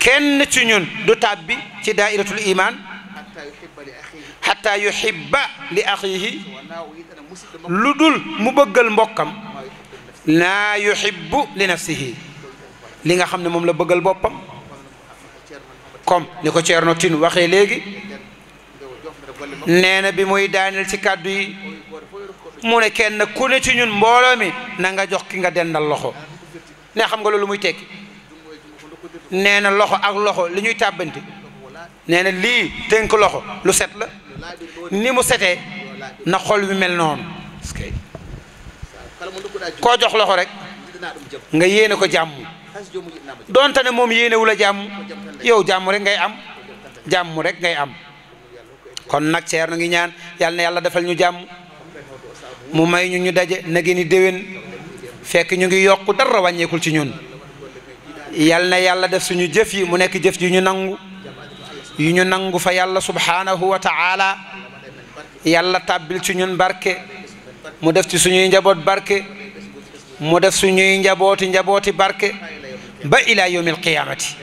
kenn ci ñun du tàbbi ci daa'iratul iman hatta yuhibba li axiihi lu dul mu bëggal mbokkam laa yuhibbu li nafsihi li nga xam ne moom la bëggal boppam comme ni ko Ceerno Tine waxee léegi nee na bi muy daaneel ci kàddu yi mu ne kenn ku ne ci ñun mbooloo mi na nga jox ki nga dendal loxo ne xam nga loolu muy tekki nee loxo ak loxo li ñuy tàbbante nee na lii loxo lu set la ni mu seté na xol bi mel non ko jox loxo rek nga yene ko jàmm don ne moom yéenewu la jamu. yow jàmm rek ngay am jàmm rek ngay am kon nak cher na ngi ñaan yalla na yalla defal ñu jàmm mu may ñu ñu daje na gën i déwén fekk ñu ngi yokku dara wàññeekul ci ñun yal na yàlla def suñu jëf yi mu nekk jëf yu ñu nangu yu ñu nangu fa yàlla subhaanahu wa ta'ala yàlla tàbbil ci barke mu def ci suñuy njaboot barke mu def suñuy njabooti njabooti barke ba ila yawmil qiyaamati